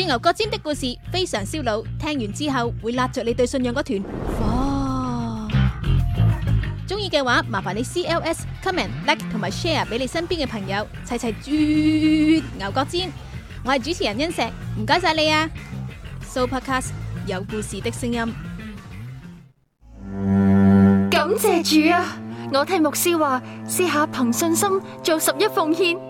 《鑽牛角尖》的故事非常燒腦，聽完之後會拉著你對信仰嗰團火。中意嘅話，麻煩你 C L S comment like 同埋 share 俾你身邊嘅朋友，齊齊鑽牛角尖。我係主持人恩石，唔該晒你啊！Sooopodcast 有故事的聲音，感謝主啊！我聽牧師話，試下憑信心做十一奉獻。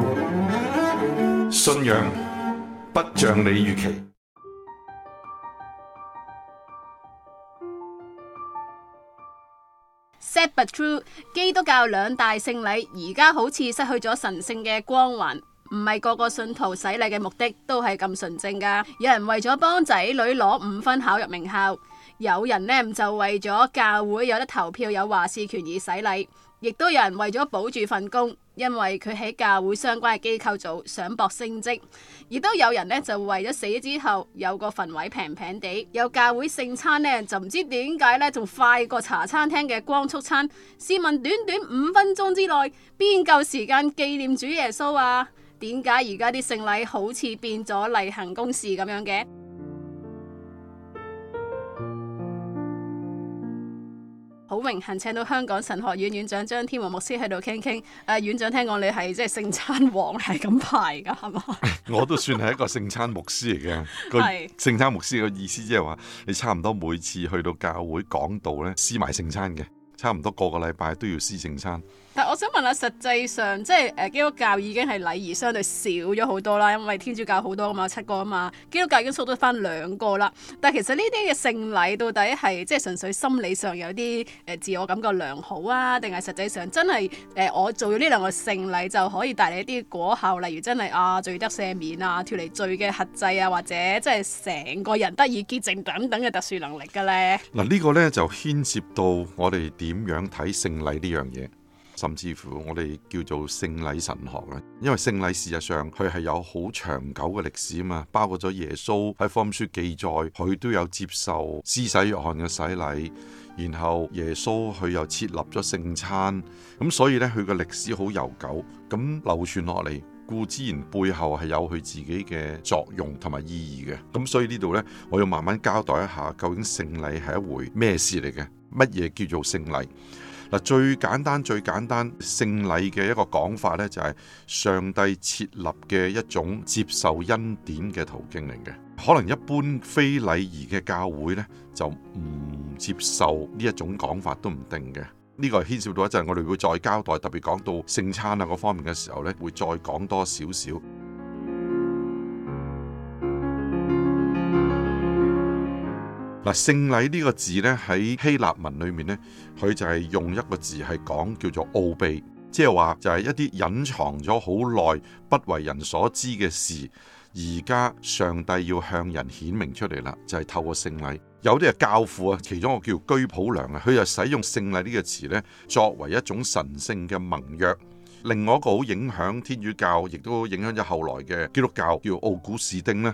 信仰不像你預期。Sad but true，基督教兩大聖禮而家好似失去咗神聖嘅光環，唔係個個信徒洗禮嘅目的都係咁純正噶。有人為咗幫仔女攞五分考入名校，有人呢就為咗教會有得投票有話事權而洗禮，亦都有人為咗保住份工。因為佢喺教會相關嘅機構做，想搏升職，亦都有人咧就為咗死之後有個墳位平平地。有教會聖餐咧，就唔知點解咧，仲快過茶餐廳嘅光速餐。試問短短五分鐘之內，邊夠時間紀念主耶穌啊？點解而家啲聖禮好似變咗例行公事咁樣嘅？好榮幸請到香港神學院院長張天和牧師喺度傾傾。誒、呃、院長聽講你係即係聖餐王，係咁排㗎係嘛？我都算係一個聖餐牧師嚟嘅。個 聖餐牧師嘅意思即係話，你差唔多每次去到教會講道咧，施埋聖餐嘅。差唔多個個禮拜都要施聖餐。想問下，實際上即係基督教已經係禮儀相對少咗好多啦，因為天主教好多噶嘛，七個啊嘛，基督教已經縮咗返兩個啦。但係其實呢啲嘅聖禮到底係即係純粹心理上有啲誒自我感覺良好啊，定係實際上真係誒我做咗呢兩個聖禮就可以帶嚟一啲果效，例如真係啊罪得赦免啊脫離罪嘅轄制啊，或者即係成個人得以潔淨等等嘅特殊能力嘅咧。嗱、這、呢個呢就牽涉到我哋點樣睇聖禮呢樣嘢。甚至乎我哋叫做聖禮神學咧，因為聖禮事實上佢係有好長久嘅歷史啊嘛，包括咗耶穌喺福音書記載，佢都有接受施洗約翰嘅洗禮，然後耶穌佢又設立咗聖餐，咁所以呢，佢嘅歷史好悠久，咁流傳落嚟，故自然背後係有佢自己嘅作用同埋意義嘅。咁所以呢度呢，我要慢慢交代一下，究竟聖禮係一回咩事嚟嘅？乜嘢叫做聖禮？最簡單最簡單聖禮嘅一個講法呢，就係上帝設立嘅一種接受恩典嘅途徑嚟嘅。可能一般非禮儀嘅教會呢，就唔接受呢一種講法都唔定嘅。呢個係牽涉到一陣，我哋會再交代，特別講到聖餐啊嗰方面嘅時候呢，會再講多少少。嗱，聖禮呢個字咧，喺希臘文裏面咧，佢就係用一個字係講叫做奧秘，即係話就係一啲隱藏咗好耐、不為人所知嘅事，而家上帝要向人顯明出嚟啦，就係、是、透過聖禮。有啲係教父啊，其中一個叫居普良啊，佢就使用聖禮呢個詞咧，作為一種神聖嘅盟約。另外一個好影響天主教，亦都影響咗後來嘅基督教，叫奧古斯丁呢，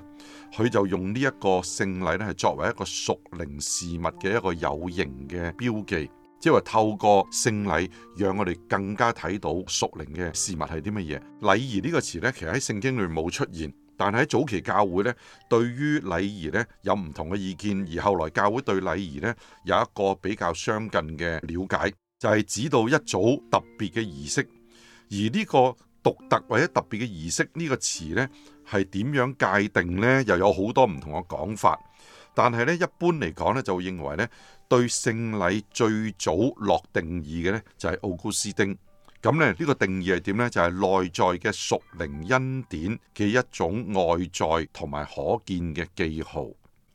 佢就用呢一個聖禮咧，係作為一個屬靈事物嘅一個有形嘅標記，即係話透過聖禮，讓我哋更加睇到屬靈嘅事物係啲乜嘢。禮儀呢個詞呢，其實喺聖經裏冇出現，但係喺早期教會呢，對於禮儀呢有唔同嘅意見，而後來教會對禮儀呢有一個比較相近嘅了解，就係、是、指到一組特別嘅儀式。而呢個獨特或者特別嘅儀式呢個詞呢係點樣界定呢？又有好多唔同嘅講法。但係呢，一般嚟講呢，就會認為呢，對聖禮最早落定義嘅呢，就係、是、奧古斯丁。咁呢，呢、這個定義係點呢？就係、是、內在嘅屬靈恩典嘅一種外在同埋可見嘅記號，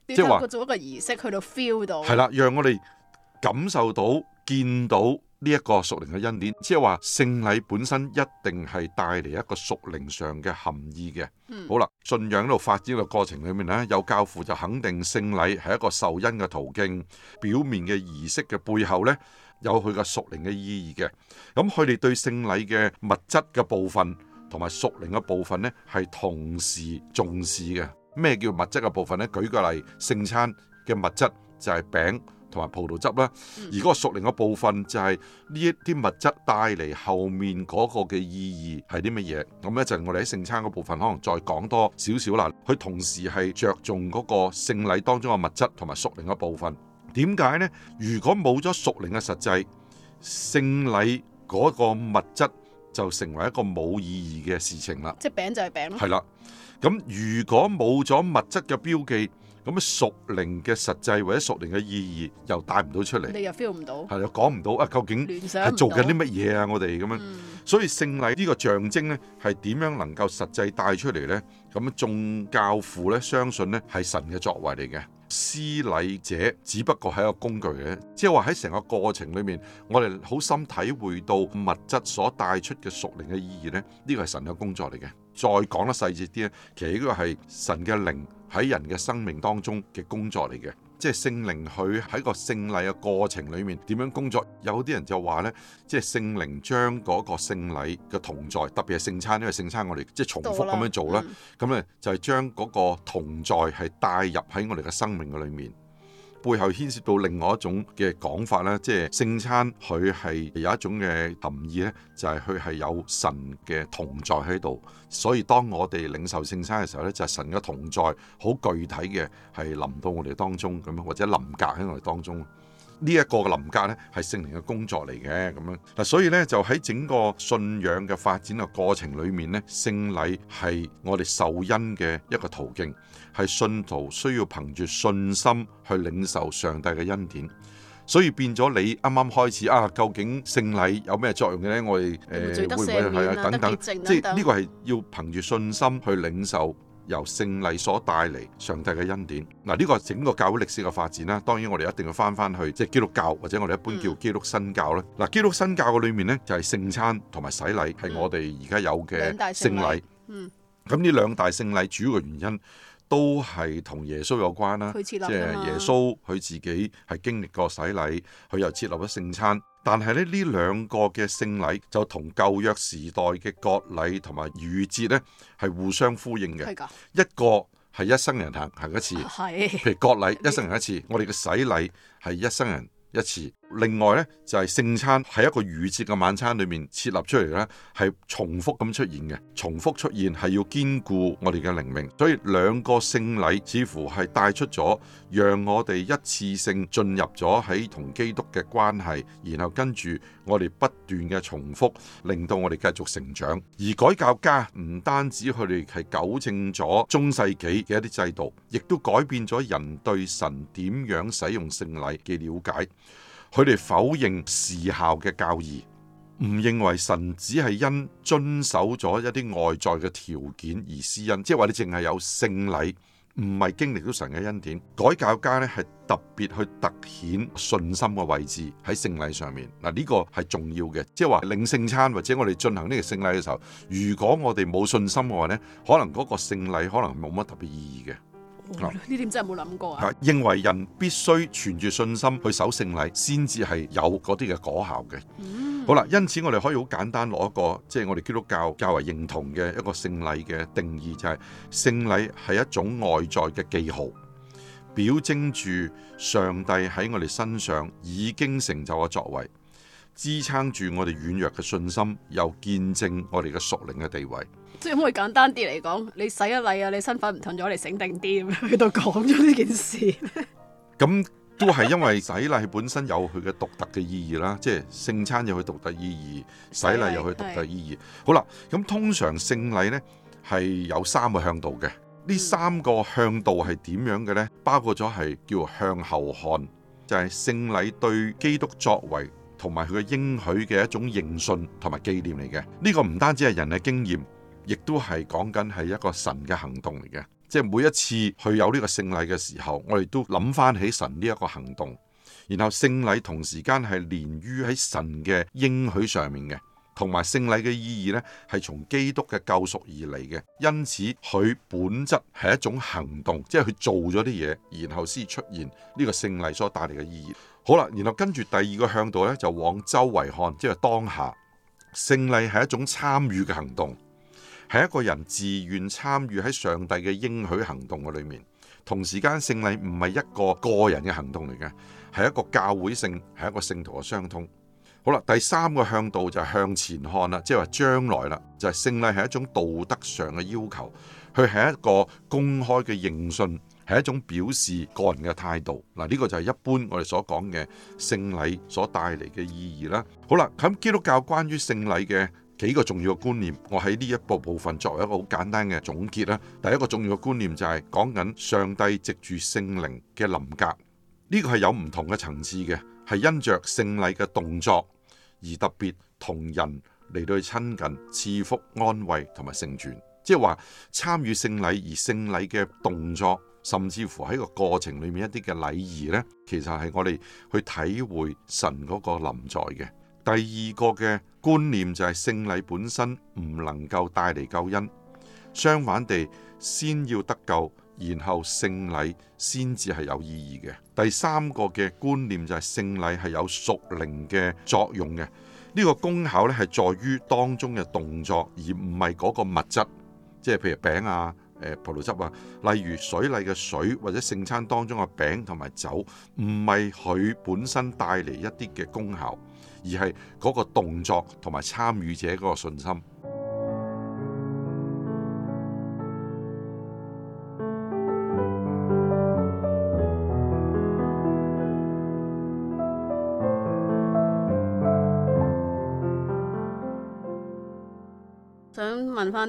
即係話做一個儀式去到 feel 到。係啦，讓我哋感受到、見到。呢、這、一個屬靈嘅恩典，即係話聖禮本身一定係帶嚟一個屬靈上嘅含義嘅。好啦，信仰度發展嘅過程裏面咧，有教父就肯定聖禮係一個受恩嘅途徑。表面嘅儀式嘅背後呢，有佢嘅屬靈嘅意義嘅。咁佢哋對聖禮嘅物質嘅部分同埋屬靈嘅部分呢，係同時重視嘅。咩叫物質嘅部分呢？舉個例，聖餐嘅物質就係餅。同埋葡萄汁啦，而嗰個屬靈嘅部分就係呢一啲物質帶嚟後面嗰個嘅意義係啲乜嘢？咁一陣我哋喺聖餐嗰部分可能再講多少少啦。佢同時係著重嗰個聖禮當中嘅物質同埋屬靈嘅部分。點解呢？如果冇咗屬靈嘅實際，聖禮嗰個物質就成為一個冇意義嘅事情啦。即係餅就係餅咯。係啦，咁如果冇咗物質嘅標記。咁啊，屬靈嘅實際或者屬靈嘅意義又帶唔到出嚟，你又 feel 唔到，係又講唔到啊，究竟係做緊啲乜嘢啊？我哋咁樣、嗯，所以聖禮呢個象徵咧，係點樣能夠實際帶出嚟咧？咁眾教父咧相信咧係神嘅作為嚟嘅，施禮者只不過係一個工具嘅，即係話喺成個過程裏面，我哋好深體會到物質所帶出嘅屬靈嘅意義咧，呢、呢個係神嘅工作嚟嘅。再講得細節啲咧，其實呢個係神嘅靈喺人嘅生命當中嘅工作嚟嘅，即係聖靈佢喺個聖禮嘅過程裏面點樣工作？有啲人就話咧，即係聖靈將嗰個聖禮嘅同在，特別係聖餐，因為聖餐我哋即係重複咁樣做啦，咁咧、嗯、就係將嗰個同在係帶入喺我哋嘅生命嘅裏面。背後牽涉到另外一種嘅講法咧，即係聖餐佢係有一種嘅含義咧，就係佢係有神嘅同在喺度，所以當我哋領受聖餐嘅時候咧，就係神嘅同在，好具體嘅係臨到我哋當中咁樣，或者臨格喺我哋當中。呢、這、一個臨格咧，係聖靈嘅工作嚟嘅咁樣嗱，所以咧就喺整個信仰嘅發展嘅過程裏面咧，聖禮係我哋受恩嘅一個途徑，係信徒需要憑住信心去領受上帝嘅恩典，所以變咗你啱啱開始啊，究竟聖禮有咩作用嘅咧？我哋誒、呃、會唔會係啊等等，等等，即係呢、這個係要憑住信心去領受。由聖禮所帶嚟上帝嘅恩典嗱，呢、這個整個教會歷史嘅發展啦，當然我哋一定要翻翻去即係、就是、基督教或者我哋一般叫基督新教啦嗱，基督新教嘅裏面呢就係聖餐同埋洗禮，係我哋而家有嘅聖禮，嗯，咁呢兩大聖禮主要嘅原因。都係同耶穌有關啦，即係、就是、耶穌佢自己係經歷過洗禮，佢又設立咗聖餐。但係咧，呢兩個嘅聖禮就同舊約時代嘅割禮同埋逾節呢係互相呼應嘅。一個係一生人行行一次，譬如割禮一生人一次，我哋嘅洗禮係一生人。一次。另外呢，就係聖餐喺一個逾節嘅晚餐裏面設立出嚟，呢係重複咁出現嘅。重複出現，係要堅固我哋嘅靈命，所以兩個聖禮似乎係帶出咗，讓我哋一次性進入咗喺同基督嘅關係，然後跟住我哋不斷嘅重複，令到我哋繼續成長。而改教家唔單止佢哋係糾正咗中世紀嘅一啲制度，亦都改變咗人對神點樣使用聖禮嘅了解。佢哋否認事效嘅教義，唔認為神只係因遵守咗一啲外在嘅條件而施恩，即係話你淨係有聖禮，唔係經歷到神嘅恩典。改教家呢係特別去突顯信心嘅位置喺聖禮上面。嗱，呢個係重要嘅，即係話領聖餐或者我哋進行呢個聖禮嘅時候，如果我哋冇信心嘅話呢，可能嗰個聖禮可能冇乜特別意義嘅。呢、哦、點真係冇諗過啊！認為人必須存住信心去守聖禮，先至係有嗰啲嘅果效嘅，嗯。好啦，因此我哋可以好簡單攞一個，即，就，係，是，我哋基督教較為認同嘅一個聖禮嘅定義，就是，就係聖禮係一種外在嘅記號，表徵住上帝喺我哋身上已經成就嘅作為，支撐住我哋軟弱嘅信心，又見證我哋嘅屬靈嘅地位。即係可以簡單啲嚟講，你洗咗禮啊，你身份唔同咗，你醒定啲咁樣喺度講咗呢件事。咁 都係因為洗禮本身有佢嘅獨特嘅意義啦， 即係聖餐有佢獨特意義，洗禮有佢獨特意義。好啦，咁通常聖禮呢係有三個向度嘅，呢三個向度係點樣嘅呢？包括咗係叫向後看，就係聖禮對基督作為同埋佢嘅應許嘅一種認信同埋紀念嚟嘅。呢個唔單止係人嘅經驗。亦都係講緊係一個神嘅行動嚟嘅，即係每一次佢有呢個聖禮嘅時候，我哋都諗翻起神呢一個行動。然後聖禮同時間係連於喺神嘅應許上面嘅，同埋聖禮嘅意義呢，係從基督嘅救贖而嚟嘅。因此佢本質係一種行動，即係佢做咗啲嘢，然後先出現呢個聖禮所帶嚟嘅意義。好啦，然後跟住第二個向度呢，就往周圍看，即係當下聖禮係一種參與嘅行動。係一個人自願參與喺上帝嘅應許行動嘅裏面，同時間聖禮唔係一個個人嘅行動嚟嘅，係一個教會性，係一個聖徒嘅相通。好啦，第三個向度就係向前看啦，即係話將來啦，就係聖禮係一種道德上嘅要求，佢係一個公開嘅認信，係一種表示個人嘅態度。嗱，呢個就係一般我哋所講嘅聖禮所帶嚟嘅意義啦。好啦，咁基督教關於聖禮嘅。幾個重要嘅觀念，我喺呢一部部分作為一個好簡單嘅總結啦。第一個重要嘅觀念就係講緊上帝藉住聖靈嘅臨格，呢個係有唔同嘅層次嘅，係因着聖禮嘅動作而特別同人嚟到去親近、賜福、安慰同埋成全。即係話參與聖禮而聖禮嘅動作，甚至乎喺個過程裏面一啲嘅禮儀呢，其實係我哋去體會神嗰個臨在嘅。第二個嘅觀念就係聖禮本身唔能夠帶嚟救恩，相反地，先要得救，然後聖禮先至係有意義嘅。第三個嘅觀念就係聖禮係有屬靈嘅作用嘅。呢個功效呢係在於當中嘅動作，而唔係嗰個物質，即係譬如餅啊、誒葡萄汁啊，例如水禮嘅水或者聖餐當中嘅餅同埋酒，唔係佢本身帶嚟一啲嘅功效。而係嗰個動作，同埋參與者嗰個信心。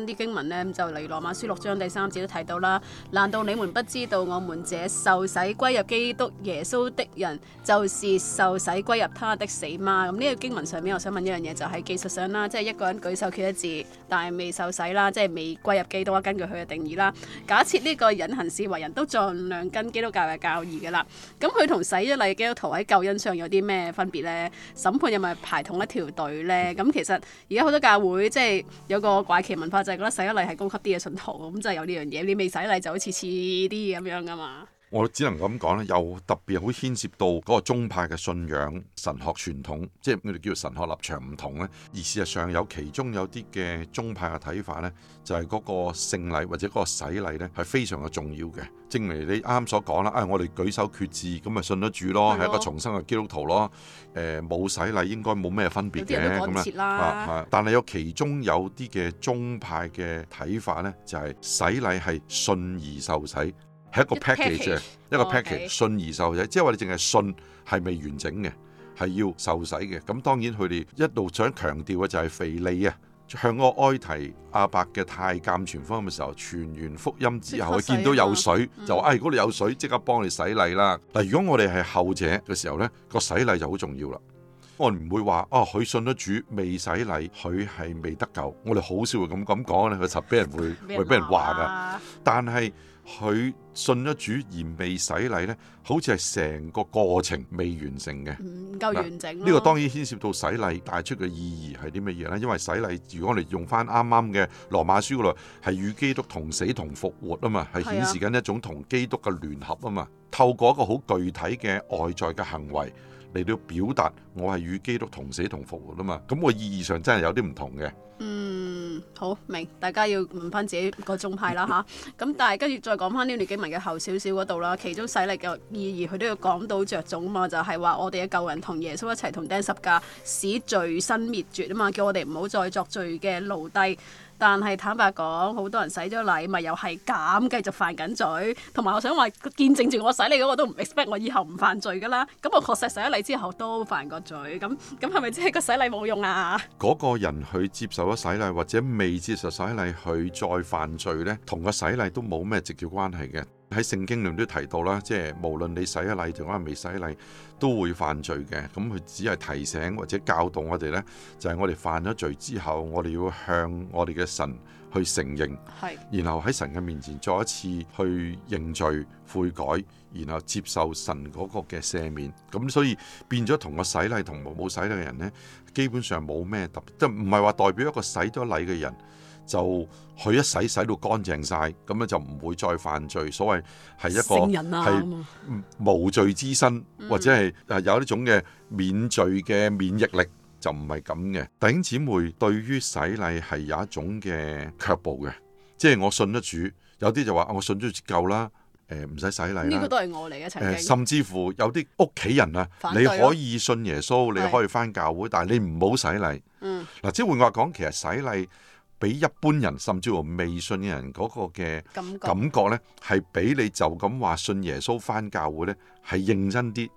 啲經文呢，就例如羅馬書六章第三節都提到啦。難道你們不知道我們這受洗歸入基督耶穌的人，就是受洗歸入他的死嗎？咁、嗯、呢、這個經文上面，我想問一樣嘢，就係、是、技術上啦，即係一個人舉手決志，但係未受洗啦，即係未歸入基督。根據佢嘅定義啦，假設呢個隱行思維人都盡量跟基督教嘅教義噶啦，咁佢同洗咗禮基督徒喺救恩上有啲咩分別呢？審判又咪排同一條隊呢？咁其實而家好多教會即係有個怪奇文化。就係、是、覺得洗咗禮係高級啲嘅信徒，咁就係有呢樣嘢。你未洗禮就好似黐啲咁樣噶嘛。我只能咁講咧，又特別好牽涉到嗰個宗派嘅信仰、神學傳統，即係我哋叫做神學立場唔同咧。而事實上有其中有啲嘅宗派嘅睇法咧，就係、是、嗰個聖禮或者嗰個洗禮咧，係非常嘅重要嘅。正如你啱啱所講啦，啊、哎，我哋舉手決志咁咪信得住咯，係一個重生嘅基督徒咯。誒、呃，冇洗禮應該冇咩分別嘅咁啦。啊，但係有其中有啲嘅宗派嘅睇法咧，就係、是、洗禮係信而受洗。係一個 package 嘅，一個 package。信而受洗，即係話你淨係信係未完整嘅，係要受洗嘅。咁當然佢哋一路想強調嘅就係腓利啊，向個埃提阿伯嘅太監傳福音嘅時候，傳完福音之後，見到有水就話：，唉，如果你有水，即刻幫你洗禮啦。但，如果我哋係後者嘅時候咧，呢個洗禮就好重要啦。我唔會話：，哦，佢信咗主未洗禮，佢係未得救。我哋好少會咁咁講咧，佢實俾人會會俾人話㗎。但係。佢信咗主而未洗禮，咧，好似係成個過程未完成嘅，唔夠完整。呢個當然牽涉到洗禮帶出嘅意義係啲乜嘢咧？因為洗禮，如果我哋用翻啱啱嘅羅馬書嗰度，係與基督同死同復活啊嘛，係顯示緊一種同基督嘅聯合啊嘛。透過一個好具體嘅外在嘅行為嚟到表達，我係與基督同死同復活啊嘛。咁我意義上真係有啲唔同嘅。嗯。嗯、好明，大家要問翻自己個宗派啦吓。咁、啊嗯、但係跟住再講翻呢段經文嘅後少少嗰度啦，其中洗禮嘅意義，佢都要講到着重啊，就係、是、話我哋嘅舊人同耶穌一齊同釘十架，使罪身滅絕啊嘛，叫我哋唔好再作罪嘅奴隸。但係坦白講，好多人洗咗禮咪又係咁繼續犯緊罪，同埋我想話，見證住我洗禮嗰個都唔 expect 我以後唔犯罪噶啦。咁我確實洗咗禮之後都犯過罪，咁咁係咪即係個洗禮冇用啊？嗰、嗰個人佢接受咗洗禮或者未接受洗禮，佢再犯罪呢，同個洗禮都冇咩直接關係嘅。喺聖經裏都提到啦，即係無論你洗咗禮定可能未洗禮，都會犯罪嘅。咁佢只係提醒或者教導我哋呢，就係、是、我哋犯咗罪之後，我哋要向我哋嘅神去承認，然後喺神嘅面前再一次去認罪悔改，然後接受神嗰個嘅赦免。咁所以變咗同個洗禮同冇洗禮嘅人呢，基本上冇咩特別，即唔係話代表一個洗咗禮嘅人。就佢一洗洗到乾淨晒，咁樣就唔會再犯罪。所謂係一個係無罪之身，或者係誒有呢種嘅免罪嘅免疫力，就唔係咁嘅。弟兄姊妹對於洗禮係有一種嘅卻步嘅，即係我信得主。有啲就話我信咗夠啦，誒唔使洗禮啦。呢個都係我嚟嘅曾經，甚至乎有啲屋企人啊，你可以信耶穌，你可以返教會，但係你唔好洗禮。嗯，嗱，即係換話講，其實洗禮。比一般人甚至乎未信嘅人嗰個嘅感覺，感覺咧，係比你就咁話信耶穌返教會咧，係認真啲，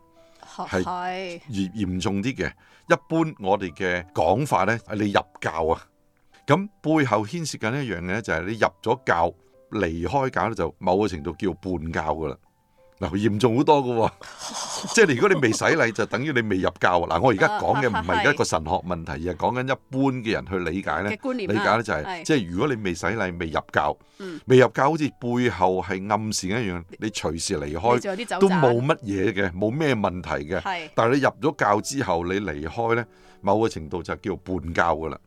係嚴嚴重啲嘅。一般我哋嘅講法咧，你入教啊，咁背後牽涉緊一樣嘢咧，就係你入咗教離開教咧，就某個程度叫叛教㗎喇。嗱，嚴重好多㗎，即係你如果你未洗禮，就等於你未入教。嗱，我而家講嘅唔係一個神學問題，而係講緊一般嘅人去理解咧，理解咧就係，即係如果你未洗禮、未入教、未入教，好似背後係暗示緊一樣，你隨時離開都冇乜嘢嘅，冇咩問題嘅。但係你入咗教之後，你離開咧，某個程度就叫半教噶啦。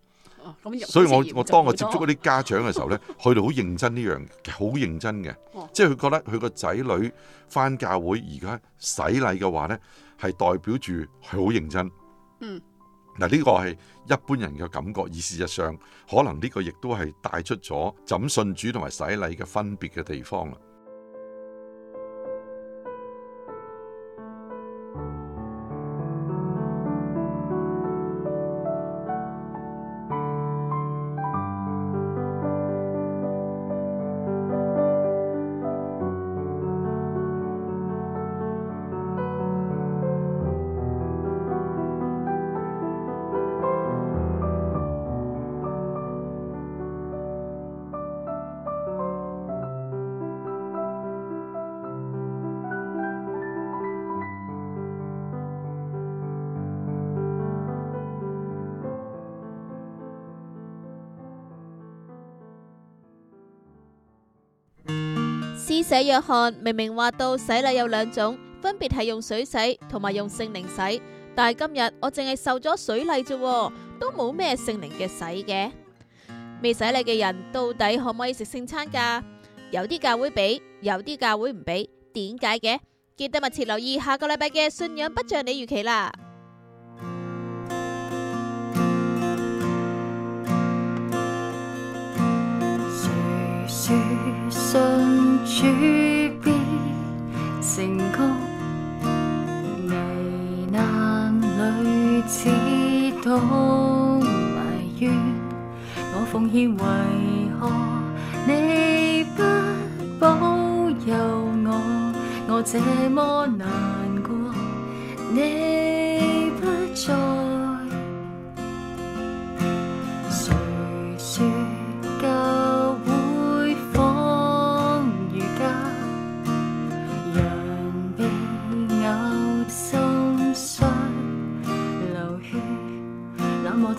所以我我當我接觸嗰啲家長嘅時候呢，佢哋好認真呢樣，好認真嘅，即係佢覺得佢個仔女返教會而家洗禮嘅話呢，係代表住係好認真。嗯，嗱，呢個係一般人嘅感覺，而事實上可能呢個亦都係帶出咗枕信主同埋洗禮嘅分別嘅地方啦。寫約翰明明話到洗禮有兩種，分別係用水洗同埋用聖靈洗，但係今日我淨係受咗水禮啫，都冇咩聖靈嘅洗嘅。未洗禮嘅人到底可唔可以食聖餐㗎？有啲教會俾，有啲教會唔俾，點解嘅？記得密切留意下個禮拜嘅信仰不像你預期啦。信主必成功，危難裏只懂埋怨。我奉獻為何你不保佑我？我這麼難過，你。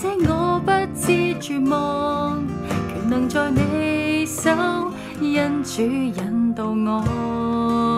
且我不知絕望，全能在你手，因主引導我。